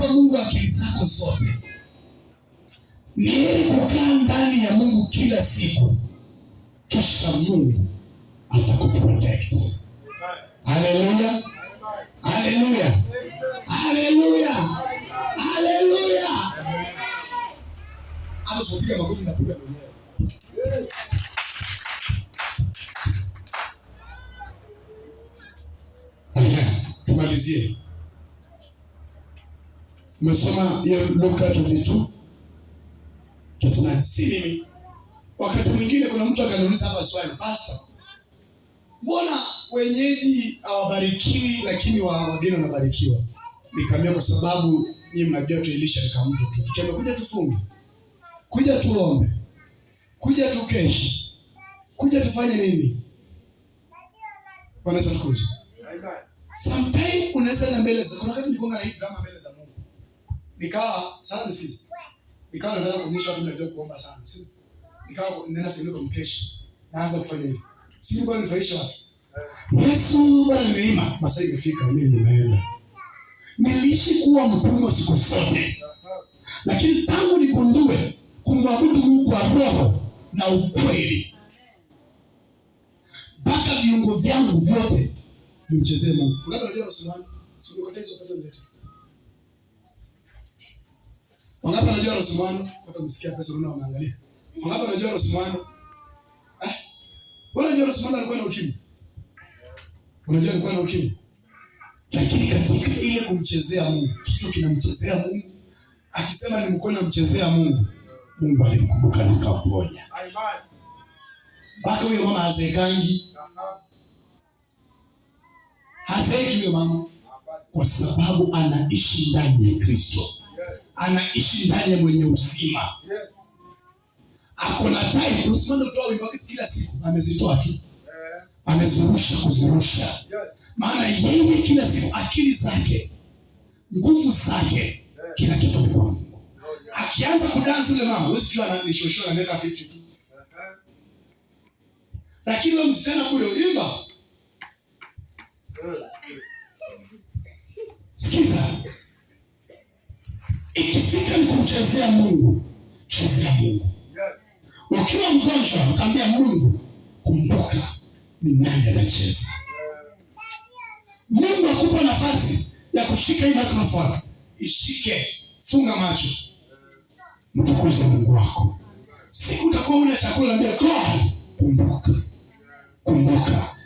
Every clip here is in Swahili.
kumpa Mungu akili zako zote. Ni heri kukaa ndani ya Mungu kila siku, kisha Mungu atakuprotect. Haleluya, haleluya, haleluya, haleluya. makofi na kupiga mwenyewe. Tumalizie. Umesoma hiyo Luka 22 si mimi. Wakati mwingine kuna mtu akaniuliza hapa swali, pasta, mbona wenyeji hawabarikiwi lakini wa wageni wanabarikiwa? Nikamwambia kwa sababu nyinyi mnajua tuilisha kama mtu tu. Tukiambia kuja tufunge. Kuja tuombe. Kuja tukeshi. Kuja tufanye nini? Bwana asifiwe. Sometimes unaweza na mbele za kuna wakati nilikuwa na hii drama mbele za Mungu. Nikawa sana nisikize. Nikawa nataka kuonyesha watu najua kuomba sana. Si? Nikawa nenda sehemu kwa mkesha. Naanza kufanya hivyo. Si bwana nifurahisha watu. Yesu bwana nimeima. Masaa imefika mimi nimeenda. Niliishi kuwa mtumwa siku zote. Lakini tangu nikundue kumwabudu Mungu kwa roho na ukweli. Mpaka viungo vyangu vyote vimchezee Mungu. Unajua unajua msimamo. Sio kukateza pesa mlete. Wangapi wanajua Rosmano? Hata msikia pesa unaona wanaangalia. Wangapi wanajua Rosmano? Eh? Unajua Rosmano alikuwa na ukimwi. Unajua alikuwa na ukimwi. Lakini katika ile kumchezea Mungu, kitu kinamchezea Mungu. Akisema ni mkono namchezea Mungu. Mungu alimkumbuka na Amen. Baka huyo mama hazekangi. Hazeki huyo mama kwa sababu anaishi ndani ya Kristo anaishi ndani ya mwenye uzima. Ako na time, usimwende kutoa wimbo wake kila siku, amezitoa tu, eh. amezurusha kuzurusha, maana yeye kila siku akili zake, nguvu zake, eh. kila kitu kwa Mungu. Oh, Akianza kudansi ule mama, huwezi kujua na miaka 50 tu, uh-huh. lakini wewe msichana kule imba, eh. sikiza Ikifika ni kumchezea Mungu, chezea Mungu. Ukiwa mgonjwa, mkaambia Mungu, kumbuka ni nani anacheza. Mungu akupa nafasi ya kushika hii microphone, ishike, funga macho, mtukuze Mungu wako. Siku utakuwa ule chakula, ambia God, kumbuka, kumbuka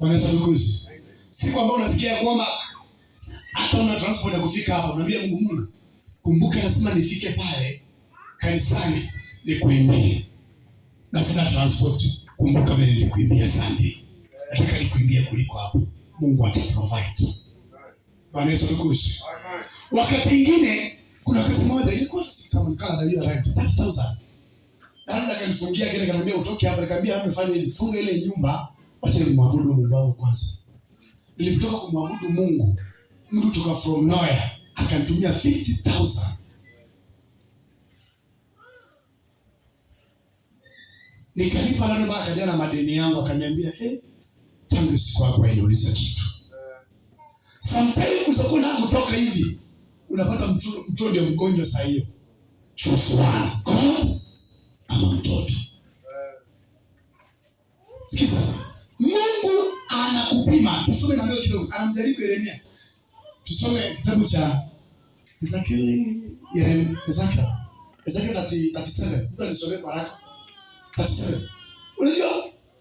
wanazalukuzi. Siku ambayo unasikia kwamba hata una transport ya kufika hapa, unaambia Mungu, Mungu Kumbuka lazima nifike pale kanisani nikuimbie, na sina transport. Kumbuka vile nilikuimbia Sunday, nataka nikuimbie kuliko hapo. Mungu ataprovide. Bwana Yesu tukushukuru. Wakati mwingine kuna wakati mmoja ilikuwa sitamkana na hiyo rent 3000. Nani akanifungia kile kanambia utoke hapa, nikamwambia hapo fanya hivi, funge ile nyumba, acha nimwabudu Mungu wangu kwanza. Nilitoka kumwabudu Mungu, mtu toka from nowhere akanitumia 50000 nikalipa nani mara kaja na madeni yangu, akaniambia eh, tangu siku yako hainiuliza kitu. Sometimes unakuwa na kutoka hivi unapata mtu mtu ndio mgonjwa saa hiyo, choose one God ama mtoto. Sikiza, Mungu anakupima. Tusome na leo kidogo, anamjaribu Yeremia. Tusome kitabu cha It's like Ezekiel, Mtu kwa haraka. Unajua,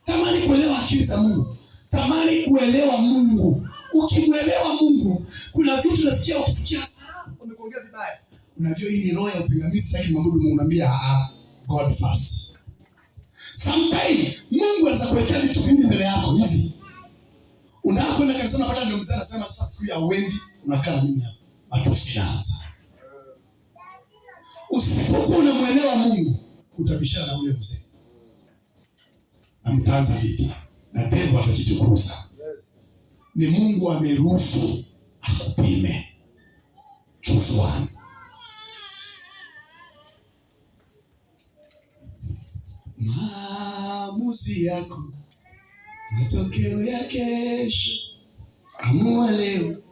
tamani kuelewa akili za Mungu. Tamani kuelewa Mungu. Ukimwelewa Mungu, kuna vitu nasikia ukisikia sana, ah, umekuongea vibaya. Unajua hii ni roho ya upingamizi, sitaki mabudu Mungu, naambia ah, ah, God first. Sometimes Mungu anaweza kuwekea vitu vingi mbele yako hivi. Unakwenda kanisani unapata ndio mzee anasema sasa siku ya wendi unakaa na mimi hapa hatusianza. Usipokuwa unamwelewa Mungu utabishana na ule mzee na mtaanza vita na devu atajichukuza. Ni Mungu ameruhusu akupime chufuani. Maamuzi yako matokeo ya kesho. Amua leo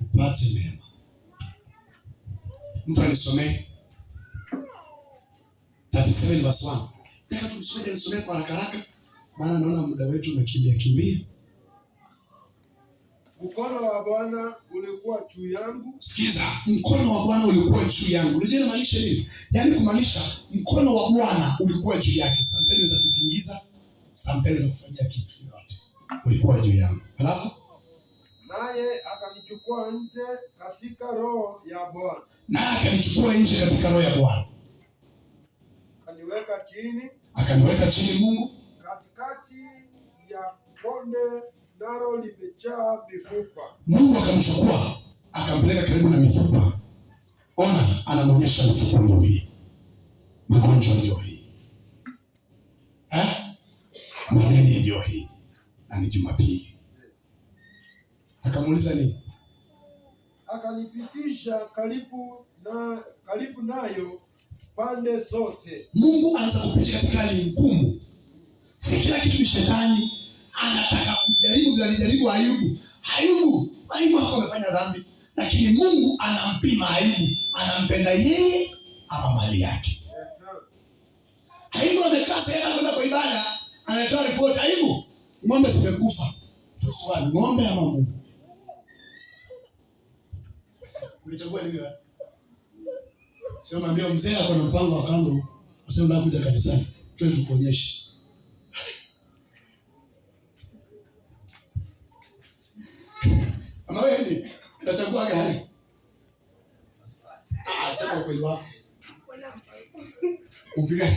upate mema. Mtu anisomee 37 verse 1. Nataka tumsome nisomee kwa haraka haraka maana naona muda wetu umekimbia kimbia. Mkono wa Bwana ulikuwa juu yangu. Sikiza, mkono wa Bwana ulikuwa juu yangu. Unajua inamaanisha nini? Yaani kumaanisha mkono wa Bwana ulikuwa juu yake. Sometimes za kutingiza, sometimes za kufanyia kitu yote. Ulikuwa juu yangu. Alafu naye akalichukua nje katika roho ya Bwana, na akalichukua nje katika roho ya Bwana, akaniweka chini, akaniweka chini Mungu katikati ya bonde nalo limejaa mifupa. Mungu akamchukua akampeleka karibu na mifupa. Ona, anamwonyesha mifupa ndio hii, magonjwa ndio hii, eh? maneni ndio hii, na ni Jumapili. Akamuuliza nini? akanipitisha karibu na karibu nayo pande zote. Mungu anaweza kupitisha katika hali ngumu. Si kila kitu ni shetani, anataka kujaribu vile alijaribu Ayubu. Ayubu, Ayubu hapo amefanya dhambi, lakini Mungu anampima Ayubu, anampenda yeye ama mali yake. Ayubu amekaa sehemu kwenda kwa ibada, anatoa ripoti. Ayubu, ng'ombe zimekufa. Ng'ombe ama Mungu Nilichagua elimu ya. Sio naambia mzee ako na mpango wa kando, useme ndio kuja kanisani. Twende tukuonyeshe. Ama wewe ni unachagua gani? Ah, sema kweli wako. Upiga.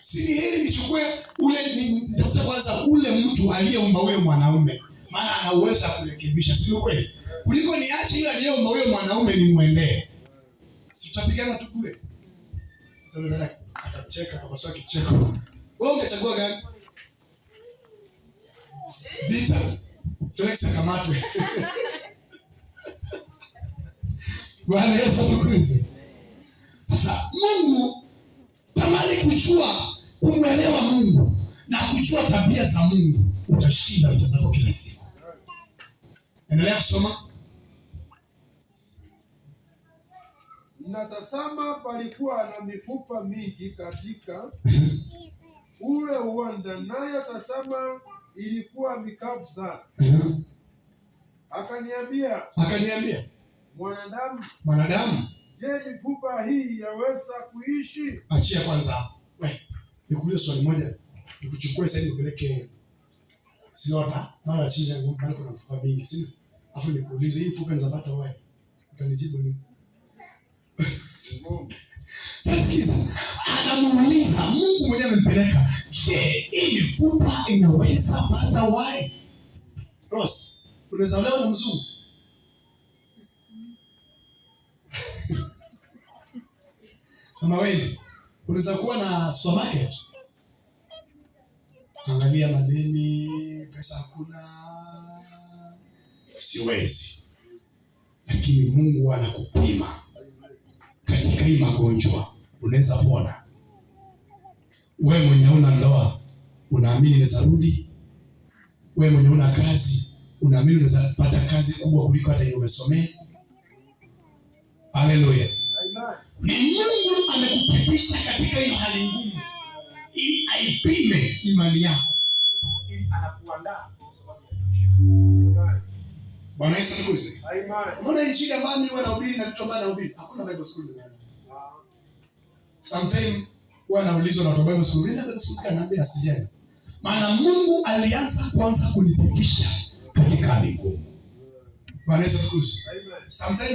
Siri heri nichukue ule nitafuta kwanza ule mtu aliyeumba wewe mwanaume maana ana uwezo wa kurekebisha, si kweli? Kuliko niache yule aliyeomba huyo mwanaume nimwendee, si tutapigana tu bure. Atacheka kwa sababu kicheko. Wewe ungechagua gani? Vita Felix akamatwe. Bwana Yesu atukuzwe. Sasa Mungu, tamani kujua kumwelewa Mungu na kujua tabia za Mungu, utashinda vita zako kila siku. Endelea kusoma. Natazama, palikuwa na mifupa mingi katika ule uwanda, naye tazama, ilikuwa mikavu sana. Akaniambia, akaniambia mwanadamu, mwanadamu, je, mifupa hii yaweza kuishi? Achia kwanza, wewe nikuulize swali moja, nikuchukue sasa hivi nipeleke Siota mara chini, ya kuna mifupa mingi sina Afu nikuulize hii mfuko ni za bata wewe. Utanijibu nini? Sasa sikiza. Anamuuliza Mungu mwenyewe amempeleka. Je, hii mifupa inaweza bata wewe? Ross, unaweza leo na mzungu? Mama wewe, unaweza kuwa na supermarket? Angalia madeni, pesa hakuna, siwezi, lakini Mungu anakupima katika hii magonjwa, unaweza pona. Wewe mwenye una ndoa unaamini unaweza rudi? Wewe mwenye una kazi unaamini unaweza pata kazi kubwa kuliko hata yenye umesomea? Haleluya! Ni Mungu amekupitisha katika hiyo hali ngumu, ili aipime imani yako, ili anakuandaa kwa sababu ya kesho. Bwana Yesu Mbona injili ambayo mimi wanahubiri na vitu ambavyo nahubiri? Hakuna Bible school duniani. huwa naulizwa na watu Bible school anaambia Maana Mungu alianza kwanza kunipitisha katika hali Bwana Yesu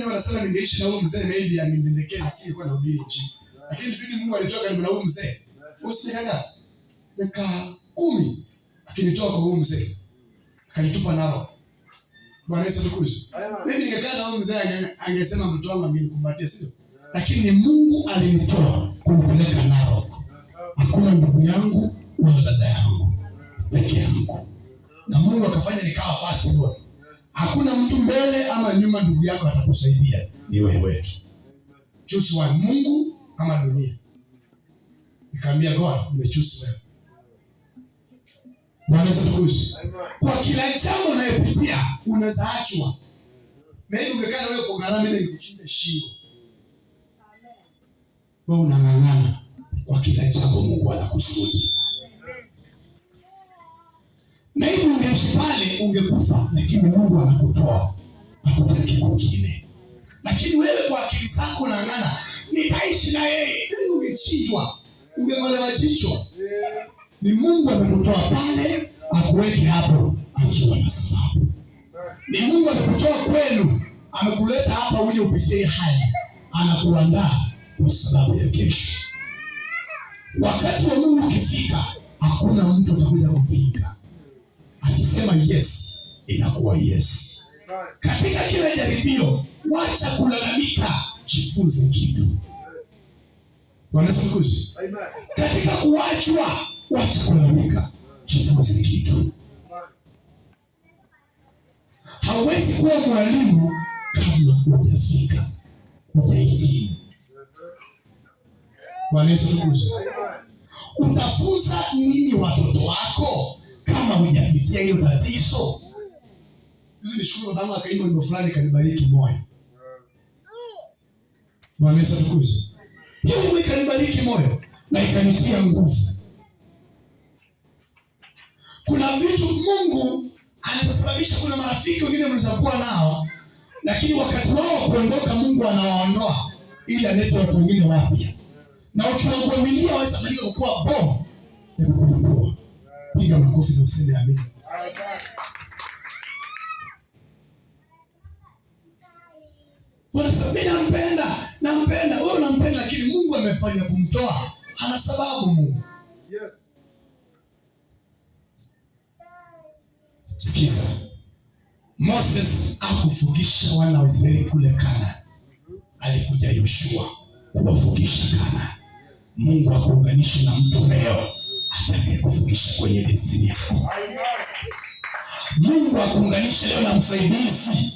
wanasema ningeishi na huyo mzee maybe angenipendekeza singekuwa nahubiri injili. Lakini bidi Mungu alitoka karibu na huyo mzee. Usikaga. Miaka kumi akinitoa kwa huyo mzee. Akanitupa nalo. Bwana Yesu tukuzi. Mimi ningekaa na huyu mzee angesema mtoto wangu amenikumbatia sio? Lakini Mungu alinitoa kumpeleka Narok. Hakuna ndugu yangu wala dada yangu peke yangu. Na Mungu akafanya nikawa fast boy. Hakuna mtu mbele ama nyuma, ndugu yako atakusaidia, ni wewe tu. Choose one, Mungu ama dunia. Nikamwambia God, nimechoose wewe. Bwana Yesu Kwa kila jambo unayopitia unazaachwa. achwa. Mimi ungekaa na wewe kwa gharama mimi nikuchimbe shingo. Amen. Wewe unang'ang'ana kwa kila jambo Mungu anakusudi. Maybe ungeishi pale ungekufa, lakini Mungu anakutoa akupeleke kwingine. Lakini wewe kwa akili zako unang'ang'ana, nitaishi na yeye. Yaani ungechinjwa, Ungemalewa jicho. Ni Mungu amekutoa pale akuweke hapo akiwa na sababu. Ni Mungu amekutoa kwenu amekuleta hapa uje upitie hali anakuandaa kwa sababu ya kesho. Wakati wa Mungu ukifika, hakuna mtu atakuja kupinga. Akisema yes, inakuwa yes. Katika kila jaribio, wacha kulalamika, jifunze kitu. Bwana asifiwe. Katika kuachwa Wacha kulalamika, jifunze kitu. Hawezi kuwa mwalimu kama hujafika, hujahitimu. Bwana Yesu tukuze. Utafunza nini watoto wako kama hujapitia hiyo tatizo? Hizi ni shule ndangu akaimba wimbo fulani kanibariki moyo. Bwana Yesu tukuze. Hiyo ikanibariki moyo na ikanitia nguvu kuna vitu Mungu anazosababisha. Kuna marafiki wengine mnaweza kuwa nao, lakini wakati wao wa kuondoka, Mungu anawaondoa ili alete watu wengine wapya, na ukiwagwamilia waweza kufanyika kukuwa bomu ya Piga makofi na useme amina. Mi nampenda, nampenda. Wewe unampenda, lakini Mungu amefanya kumtoa, ana sababu Mungu Sikiza, Moses akufugisha wana wa Israeli kule Kana, alikuja Yoshua kuwafugisha Kana. Mungu akuunganishe na mtu leo atakaye kufugisha kwenye destini yako. Mungu akuunganishe leo na msaidizi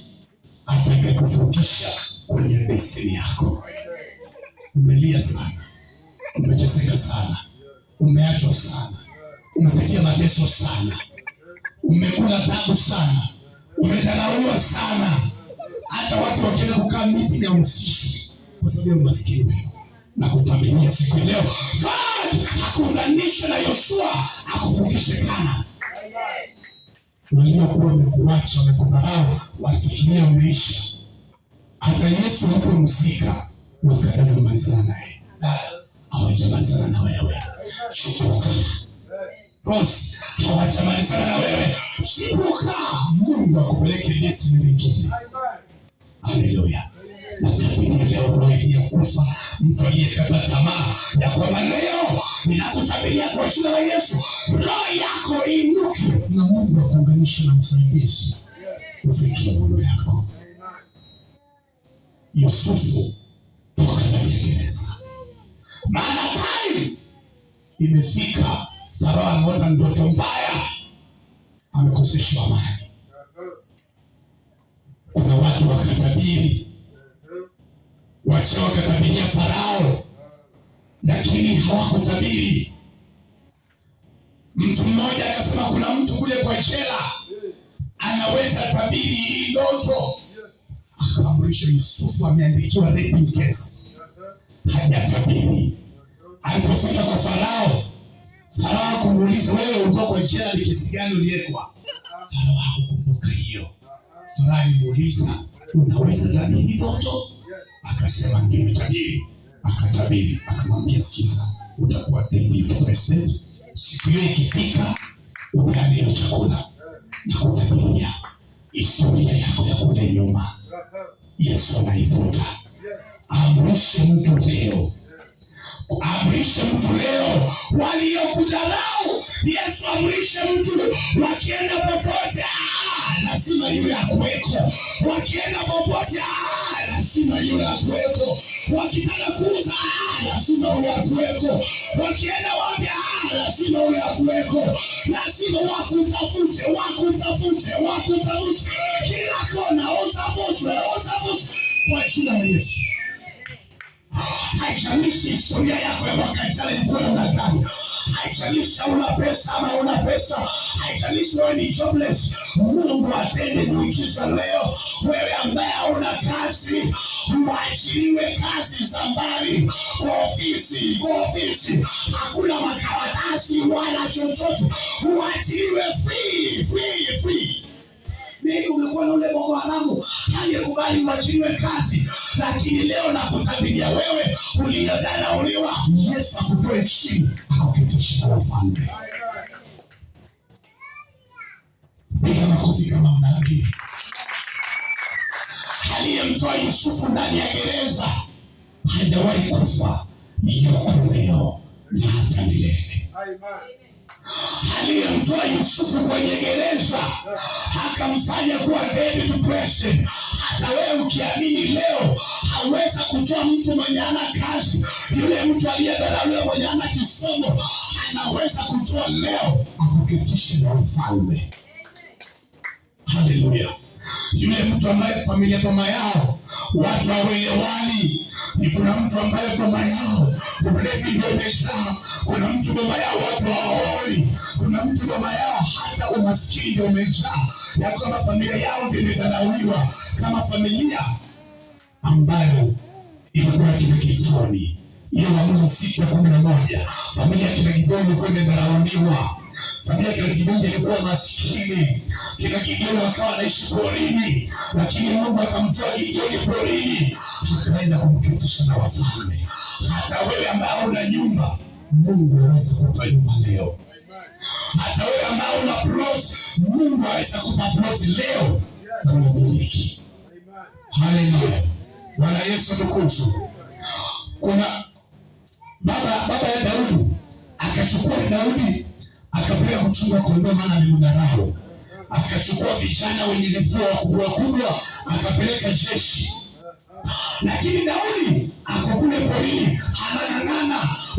atakaye kufugisha kwenye destini yako. Umelia sana, umeteseka sana, umeachwa sana, umepitia mateso sana umekula tabu sana, umedharauliwa sana, hata watu wakienda kukaa miti na usishi kwa sababu ya umaskini wenu na kupambania siku ya leo. God hakuunganisha na Yoshua akufundishe Kana. Waliokuwa wamekuacha wamekudharau, walifikiria umeisha. Hata Yesu alipomzika wakadada kumalizana naye, hawajamalizana na wewe. Shukrani hawatamani sana na wewe. Shibuka, Mungu akupeleke destiny nyingine. Haleluya. Natabiria leo roho ya kufa, mtu aliyekata tamaa ya kwamba leo ninakutabiria kwa jina la Yesu, roho yako inuke na Mungu akuunganishe na msaidizi ufikie maono yako. Yusufu toka ndani ya gereza, maana time imefika Farao ameota ndoto mbaya, amekoseshwa amani. Kuna watu wakatabiri, wacha wakatabiria Farao, lakini hawakutabiri. Mtu mmoja akasema kuna mtu kule kwa jela anaweza tabiri hii ndoto, akaamrisha Yusufu, ameandikiwa raping case, hajatabiri. Alipofika kwa Farao Farao akamuuliza wewe, ulikuwa kwa jela ni kesi gani uliwekwa? Farao hakukumbuka hiyo. Farao alimuuliza unaweza tabiri ndoto? Akasema ndio tabiri. Akatabiri, akamwambia sikiza, utakuwa dendi president, siku hiyo ikifika upeane hiyo chakula na kutabiria historia yako ya kule nyuma. Yesu anaifuta. Amrishe mtu leo Amrishe mtu leo waliokudharau, Yesu amrishe mtu wakienda popote, ah, lazima yule akuweko. Wakienda popote, ah, lazima yule akuweko. Wakitaka kuuza, ah, lazima yule akuweko. Wakienda wapi, lazima yule akuweko. Lazima wakutafute, wakutafute, wakutafute kila kona, utafutwe, utafutwe kwa jina la Yesu haijalishi historia yako ya mwaka jana ilikuwa namna gani, haijalishi pesa ama una pesa, haijalishi wewe ni jobless, Mungu atende muujiza leo. Wewe ambaye hauna kazi, uachiliwe kazi za mbali, kwa ofisi, kwa ofisi hakuna makaratasi wala chochote, uachiliwe free, free, free. Mimi umekuwa na ule Boko Haramu aliyekubali uachiliwe kazi, lakini leo nakutabiria wewe uliyodharauliwa, Yesu akutoe chini akakuketisha kwa ufalme. Piga makofi kama mna Aliyemtoa Yusufu ndani ya gereza hajawahi kufa, yuko leo na hata milele. Amen aliyemtoa Yusufu kwenye gereza akamfanya kuwa David Preston. Hata wewe ukiamini leo, haweza kutoa mtu mwenye ana kazi, yule mtu aliyedharauliwa, mwenye ana kisomo, anaweza kutoa leo akuketishe na ufalme. Haleluya! Yule mtu ambaye familia mama yao watu hawaelewani, ni kuna mtu ambaye mama yao ulevi ndio umejaa. Kuna mtu baba yao watu hawaoni. kuna mtu baba yao hata umaskini ndio umejaa, ya kwamba familia yao ndio imedharauliwa kama familia ambayo ilikuwa kina Kitoni. Hiyo Waamuzi sita kumi na moja, familia ya kina Gideoni ilikuwa imedharauliwa familia kina Gideoni ilikuwa maskini. Kina Gideoni wakawa anaishi porini, lakini Mungu akamtoa Gideoni porini, akaenda kumketisha na wafalme. Hata wewe ambaye una nyumba, Mungu anaweza kupa nyumba leo. Hata wewe ambaye una plot, Mungu anaweza kupa plot leo na umiliki. Haleluya, Bwana Yesu tukufu. Kuna baba baba ya Daudi akachukua Daudi akapeleka kuchunga kondoo, maana mdarao. Akachukua vijana wenye vifua kubwa kubwa, akapeleka jeshi, lakini Daudi akukule porini, anang'ang'ana.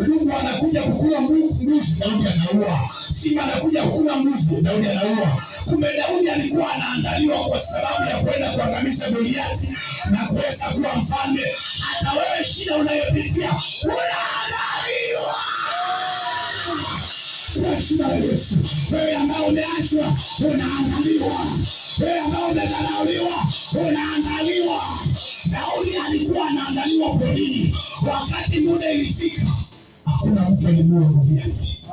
Mungu anakuja kukula mbuzi, Daudi anaua. Simba anakuja kukula mbuzi, Daudi anaua. Kumbe Daudi alikuwa anaandaliwa kwa sababu ya kwenda kuangamiza Goliati na kuweza kuwa mfalme. Hata wewe shida unayopitia unaandaliwa kwa jina la Yesu. Wewe ambao umeachwa unaandaliwa, wewe ambao umedharauliwa unaandaliwa. Daudi alikuwa anaangaliwa porini, wakati muda ilifika, hakuna mtu alimua Goliati.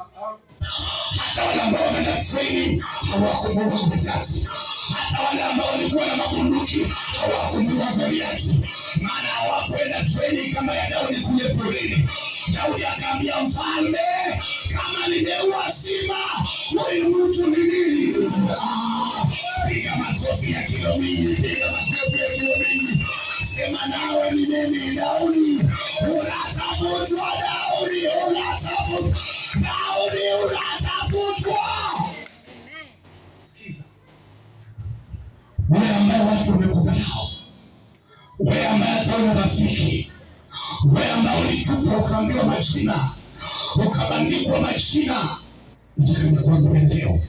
Hata wale ambao wameenda treni hawakumua Goliati, hata wale ambao walikuwa na mabunduki hawakumua Goliati, maana hawakwenda treni kama ya Daudi kule porini. Daudi akaambia mfalme, kama nimeua sima, huyu mtu ni nini? Ah, piga makofi ya kilomini, piga makofi mimi Daudi, unatafutwa Daudi, unatafutwa Daudi, unatafutwa. wewe ambaye watu wamekudharau, wewe ambaye hata una rafiki, wewe ambaye ulitupwa ukaambiwa majina ukabandikwa majina, nataka nikwambie leo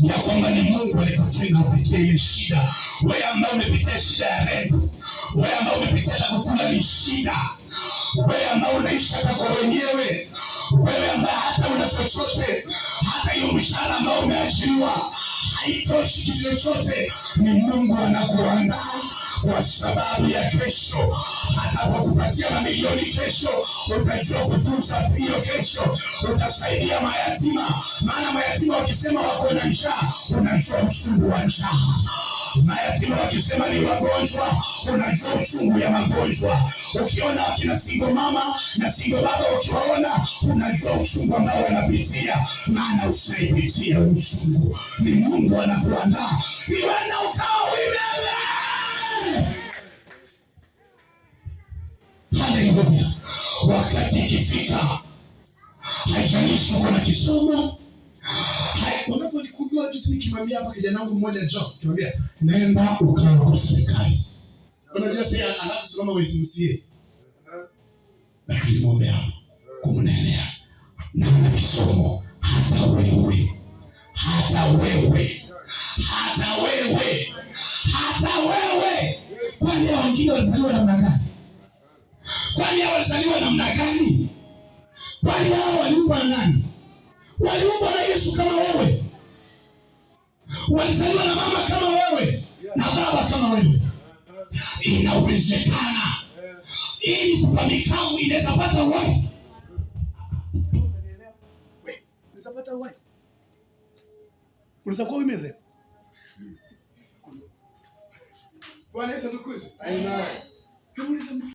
ya kwamba ni Mungu alikutenga kupitia ile shida. Wewe ambaye umepitia shida ya redio, wewe ambaye umepitia la kukula ni shida, wewe ambaye unaishi kwako wenyewe, wewe ambaye hata una chochote, hata hiyo mshahara ambao umeajiriwa haitoshi kitu chochote, ni Mungu anakuandaa kwa sababu ya kesho. Atakapokupatia mamilioni kesho, utajua kutunza hiyo kesho, utasaidia mayatima, maana mayatima wakisema wako na njaa, unajua uchungu wa njaa mayatima wakisema ni wagonjwa, unajua uchungu ya magonjwa. Ukiona wakina singo mama na singo baba, ukiwaona unajua uchungu ambao wanapitia, maana ushaipitia uchungu. Ni Mungu anakuandaa iwana uta Haleluya! wakati ikifika, haijalishi uko na kisomo unapolikujua Juzi nikimwambia hapa kijana wangu mmoja jo, kimwambia nenda ukawa kwa serikali, unajua sasa anaposimama wesimsie, lakini muombe hapo kumnaelea na kisomo, hata wewe hata wewe Kuza kwa women rep. do Yesu tukuze. Amen.